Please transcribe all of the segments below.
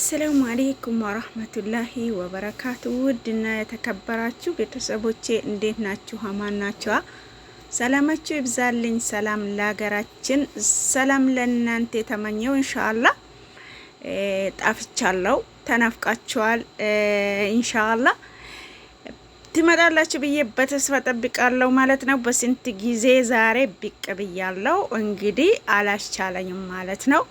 አሰላሙ አሌይኩም ወረህመቱላሂ ወበረካቱ። ውድና የተከበራችሁ ቤተሰቦቼ እንዴት ናችሁ? አማን ናችኋ? ሰላማችሁ ይብዛልኝ። ሰላም ለሀገራችን፣ ሰላም ለእናንተ የተመኘው እንሻአላ። ጣፍቻለሁ፣ ተናፍቃችኋል እንሻላ ትመጣላችሁ ብዬ በተስፋ ጠብቃለሁ ማለት ነው። በስንት ጊዜ ዛሬ ብቅ ብያለሁ። እንግዲህ አላስቻለኝም ማለት ነው።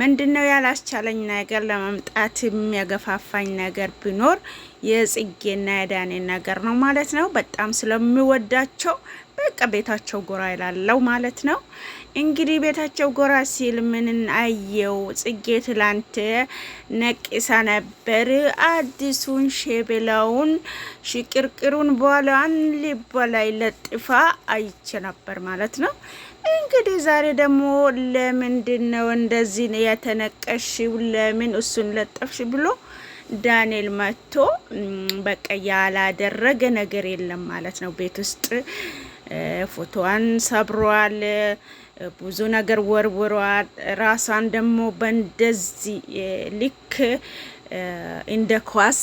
ምንድን ነው ያላስቻለኝ ነገር ለመምጣት የሚያገፋፋኝ ነገር ቢኖር የጽጌና የዳኔ ነገር ነው ማለት ነው። በጣም ስለሚወዳቸው በቃ ቤታቸው ጎራ ይላለው ማለት ነው። እንግዲህ ቤታቸው ጎራ ሲል ምን አየው? ጽጌ ትላንት ነቅሳ ነበር አዲሱን ሼብላውን ሽቅርቅሩን በኋላን ልቧ ላይ ለጥፋ አይቼ ነበር ማለት ነው። እንግዲህ ዛሬ ደግሞ ለምንድን ነው እንደዚህ የተነቀሽው? ለምን እሱን ለጠፍሽ ብሎ ዳንኤል መጥቶ በቃ ያላደረገ ነገር የለም ማለት ነው። ቤት ውስጥ ፎቶዋን ሰብሯል፣ ብዙ ነገር ወርውሯል። ራሷን ደግሞ በእንደዚህ ልክ እንደ ኳስ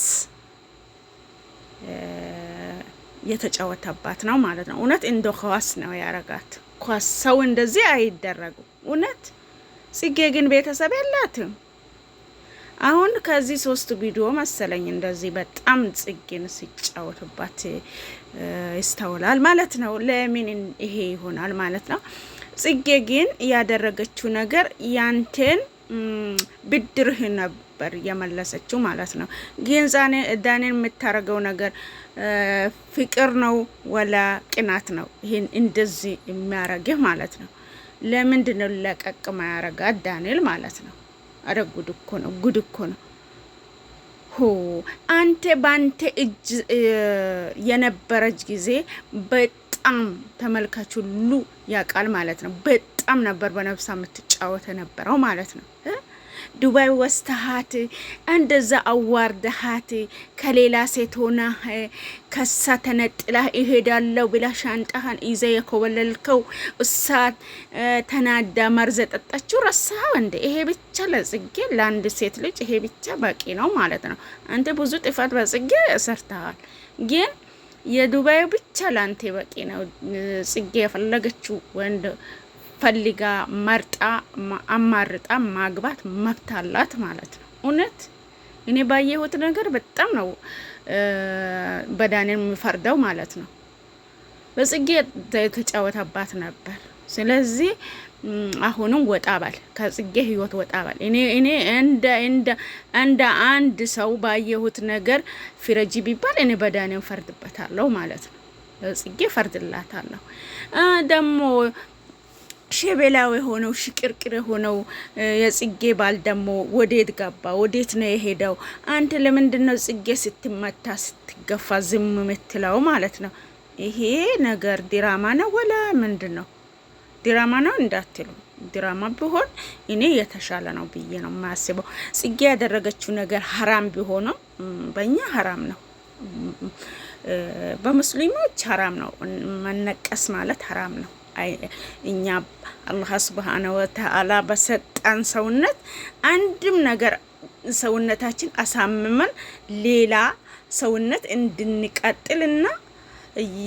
የተጫወተባት ነው ማለት ነው። እውነት እንደ ኳስ ነው ያረጋት። ኳስ ሰው እንደዚህ አይደረጉ። እውነት ጽጌ ግን ቤተሰብ የላትም። አሁን ከዚህ ሶስት ቪዲዮ መሰለኝ እንደዚህ በጣም ጽጌን ሲጫወትባት ይስተውላል ማለት ነው። ለምን ይሄ ይሆናል ማለት ነው። ጽጌ ግን ያደረገችው ነገር ያንቴን ብድርህ ነበር የመለሰችው ማለት ነው። ግን ዛኔ ዳኔን የምታደርገው ነገር ፍቅር ነው ወላ ቅናት ነው? ይህን እንደዚህ የሚያረግህ ማለት ነው። ለምንድን ነው ለቀቅ ማያረጋት ዳንኤል ማለት ነው? አረ ጉድ እኮ ነው፣ ጉድ እኮ ነው። ሆ አንተ በአንተ እጅ የነበረች ጊዜ በጣም ተመልካች ሁሉ ያውቃል ማለት ነው። በጣም ነበር በነፍሳ የምትጫወተ ነበረው ማለት ነው። ዱባይ ወስተሃት እንደዛ አዋርደሃት ከሌላ ሴት ሆና ከሳ ተነጥላ ይሄዳለው ብላ ሻንጣህን ይዘ የኮበለልከው እሳት ተናዳ መርዝ ጠጣችሁ ረሳው እንዴ? ይሄ ብቻ ለጽጌ ለአንድ ሴት ልጅ ይሄ ብቻ በቂ ነው ማለት ነው። አንተ ብዙ ጥፋት በጽጌ ሰርተሃል፣ ግን የዱባይ ብቻ ለአንተ በቂ ነው። ጽጌ የፈለገችው ወንድ ፈልጋ መርጣ አማርጣ ማግባት መብት አላት ማለት ነው። እውነት እኔ ባየሁት ነገር በጣም ነው በዳንኤል የምፈርደው ማለት ነው። በጽጌ የተጫወተባት ነበር። ስለዚህ አሁንም ወጣ ባል ከጽጌ ህይወት ወጣ ባል እኔ እኔ እንደ እንደ እንደ አንድ ሰው ባየሁት ነገር ፍረጂ ቢባል እኔ በዳንኤል ፈርድበታለሁ ማለት ነው። ጽጌ ፈርድላታለሁ ደግሞ ሸበላው የሆነው ሽቅርቅር የሆነው የጽጌ ባል ደግሞ ወዴት ገባ? ወዴት ነው የሄደው? አንተ ለምንድን ነው ጽጌ ስትመታ ስትገፋ ዝም የምትለው ማለት ነው? ይሄ ነገር ዲራማ ነው ወላ ምንድን ነው? ዲራማ ነው እንዳትሉ፣ ዲራማ ቢሆን እኔ የተሻለ ነው ብዬ ነው የማያስበው። ጽጌ ያደረገችው ነገር ሀራም ቢሆንም በእኛ ሀራም ነው በሙስሊሞች ሀራም ነው። መነቀስ ማለት ሀራም ነው። እኛ አላህ ስብሃነ ወተአላ በሰጠን ሰውነት አንድም ነገር ሰውነታችን አሳምመን ሌላ ሰውነት እንድንቀጥልና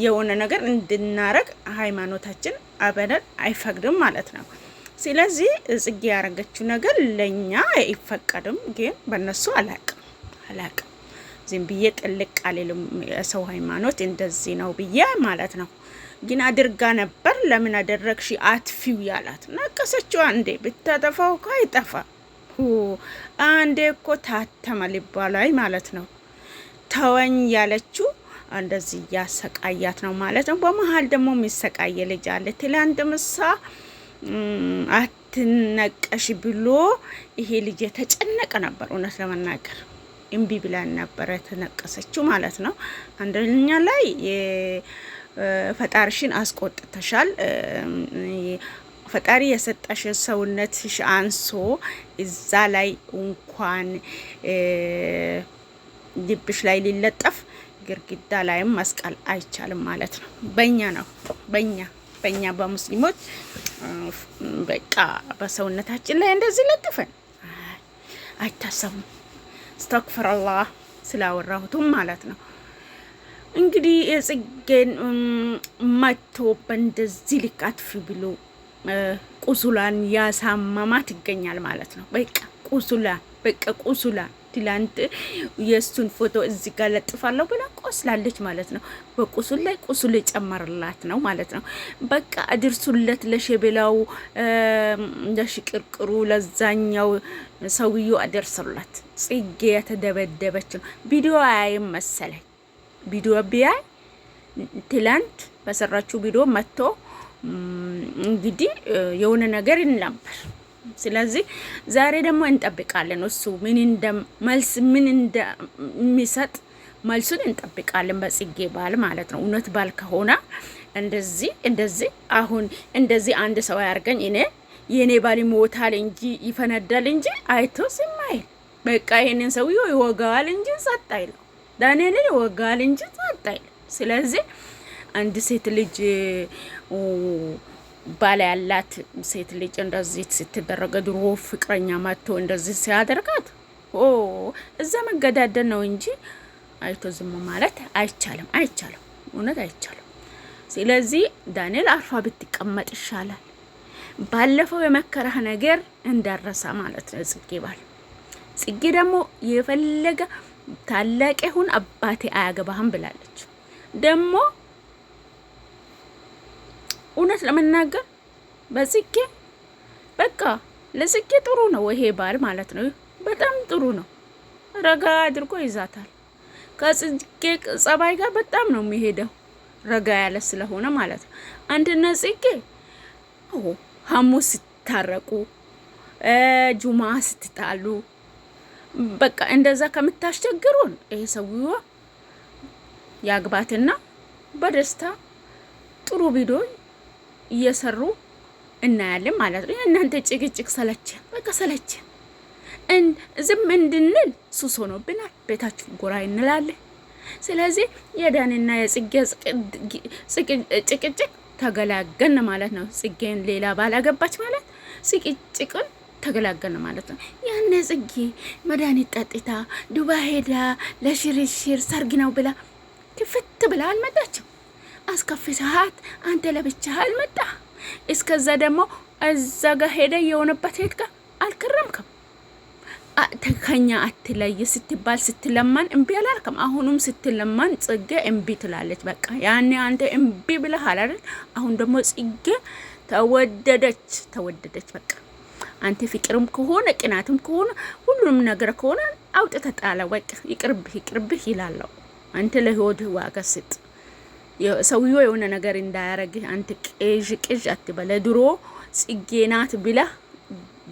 የሆነ ነገር እንድናረግ ሃይማኖታችን አበደን አይፈቅድም ማለት ነው። ስለዚህ ጽጌ ያደረገችው ነገር ለእኛ አይፈቀድም፣ ግን በነሱ አላቅም አላቅም። ዝም ብዬ ጥልቅ አልልም። የሰው ሃይማኖት እንደዚህ ነው ብዬ ማለት ነው። ግን አድርጋ ነበር። ለምን አደረግሽ አትፊው ያላት ነቀሰችው። አንዴ ብታጠፋው እኮ አይጠፋ አንዴ እኮ ታተመ ልባ ላይ ማለት ነው። ተወኝ ያለችው እንደዚህ እያሰቃያት ነው ማለት ነው። በመሀል ደግሞ የሚሰቃየ ልጅ አለ። ትላንት ምሳ አትነቀሽ ብሎ ይሄ ልጅ የተጨነቀ ነበር እውነት ለመናገር እምቢ ብላን ነበረ የተነቀሰችው ማለት ነው። አንደኛ ላይ ፈጣሪሽን አስቆጥተሻል። ፈጣሪ የሰጠሽ ሰውነትሽ አንሶ እዛ ላይ እንኳን ልብሽ ላይ ሊለጠፍ ግርግዳ ላይም መስቀል አይቻልም ማለት ነው። በእኛ ነው በእኛ በእኛ በሙስሊሞች በቃ በሰውነታችን ላይ እንደዚህ ለጥፈን አይታሰቡም። አላህ ስላወራሁትም ማለት ነው። እንግዲህ የጽጌን መቶ በእንደዚህ ልክ አትፊ ብሎ ቁሱላን ያሳማማት ይገኛል ማለት ነው። በቃ ቁሱላ በቃ ቁሱላ ትላንት የእሱን ፎቶ እዚህ ጋር ለጥፋለሁ ብላ ቆስላለች ማለት ነው። በቁሱል ላይ ቁሱል ጨመርላት ነው ማለት ነው። በቃ አድርሱለት ለሸበላው፣ ለሽቅርቅሩ፣ ለዛኛው ሰውዬው አደርሱላት። ጽጌ የተደበደበች ነው። ቪዲዮ አያይም መሰለኝ ቪዲዮ ቢያይ ትላንት በሰራችሁ ቪዲዮ መጥቶ እንግዲህ የሆነ ነገር ነበር። ስለዚህ ዛሬ ደግሞ እንጠብቃለን። እሱ ምን እንደ መልስ ምን እንደሚሰጥ መልሱን እንጠብቃለን። በጽጌ ባል ማለት ነው። እውነት ባል ከሆነ እንደዚህ እንደዚህ አሁን እንደዚህ አንድ ሰው ያርገኝ እኔ የኔ ባል ይሞታል እንጂ ይፈነዳል እንጂ አይቶ ስማይል በቃ ይሄንን ሰውዬው ይወጋዋል እንጂ ሰጥ አይለው። ዳንኤልን ወጋል እንጂ ታጣይ። ስለዚህ አንድ ሴት ልጅ ባል ያላት ሴት ልጅ እንደዚህ ስትደረገ ድሮ ፍቅረኛ መጥቶ እንደዚህ ሲያደርጋት ኦ እዛ መገዳደል ነው እንጂ አይቶ ዝም ማለት አይቻልም፣ አይቻልም፣ እውነት አይቻልም። ስለዚህ ዳንኤል አርፋ ብትቀመጥ ይሻላል። ባለፈው የመከረህ ነገር እንዳረሳ ማለት ነው ጽጌ ባል ጽጌ ደግሞ የፈለገ ታላቅ ይሁን አባቴ አያገባህም ብላለች። ደግሞ እውነት ለመናገር በጽጌ በቃ ለጽጌ ጥሩ ነው ይሄ ባል ማለት ነው። በጣም ጥሩ ነው። ረጋ አድርጎ ይዛታል። ከጽጌ ጸባይ ጋር በጣም ነው የሚሄደው። ረጋ ያለ ስለሆነ ማለት ነው። አንድና ጽጌ ሐሙስ ስታረቁ፣ ጁማ ስትጣሉ በቃ እንደዛ ከምታስቸግሩን ይሄ ሰውዬው ያግባትና በደስታ ጥሩ ቪዲዮ እየሰሩ እናያለን ማለት ነው። እናንተ ጭቅጭቅ ሰለችን፣ በቃ ሰለችን። ዝም እንድንል ሱስ ሆኖብናል። ቤታችሁ ጎራ እንላለን። ስለዚህ የዳንና የጽጌ ጭቅጭቅ ተገላገን ማለት ነው። ጽጌን ሌላ ባላገባች አገባች ማለት ጭቅጭቅን ተገላገል ማለት ነው። ያነ ጽጌ መድኃኒት ጠጥታ ዱባ ሄዳ ለሽርሽር ሰርግ ነው ብላ ክፍት ብላ አልመጣችም። አስከፍተሃት አንተ ለብቻህ አልመጣ እስከዛ ደግሞ እዛ ጋ ሄደ የሆነበት ሄድ ጋር አልከረምክም። ከኛ አትለይ ስትባል ስትለማን እምቢ አላልክም። አሁኑም ስትለማን ጽጌ እምቢ ትላለች። በቃ ያኔ አንተ እምቢ ብለህ አላል። አሁን ደግሞ ጽጌ ተወደደች ተወደደች በቃ አንተ ፍቅርም ከሆነ ቅናትም ከሆነ ሁሉንም ነገር ከሆነ አውጥ ተጣለ ወቅ ይቅርብህ ይቅርብህ ይላለው። አንተ ለህይወትህ ዋጋ ስጥ። ሰውዬው የሆነ ነገር እንዳያረግህ አንተ ቅዥ ቅዥ አትበለ። ድሮ ጽጌናት ብለህ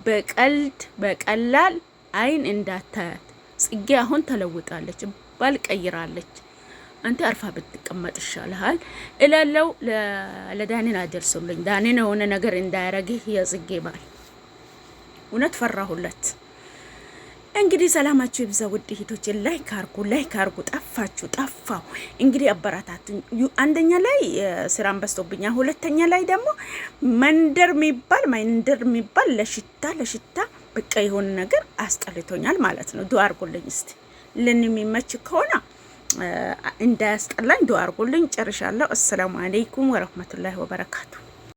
በቀልድ በቀላል አይን እንዳታያት። ጽጌ አሁን ተለውጣለች፣ ባል ቀይራለች። አንተ አርፋ ብትቀመጥ ይሻልሃል እላለው። ለዳንኤል አደርሱልኝ። ዳኔን የሆነ ነገር እንዳያረግህ የጽጌ ባል እውነት ፈራሁለት። እንግዲህ ሰላማችሁ ይብዛ ውድ ሂቶች፣ ላይክ አርጉ፣ ላይክ አርጉ። ጠፋችሁ ጠፋው። እንግዲህ አበራታቱኝ። አንደኛ ላይ ስራን በዝቶብኛል፣ ሁለተኛ ላይ ደግሞ መንደር የሚባል መንደር የሚባል ለሽታ ለሽታ በቃ የሆነ ነገር አስጠልቶኛል ማለት ነው። ዱአ አርጉልኝ እስቲ ልን የሚመች ከሆነ እንዳያስጠላኝ ዱአ አርጉልኝ። ጨርሻለሁ። አሰላሙ አለይኩም ወረህመቱላሂ ወበረካቱ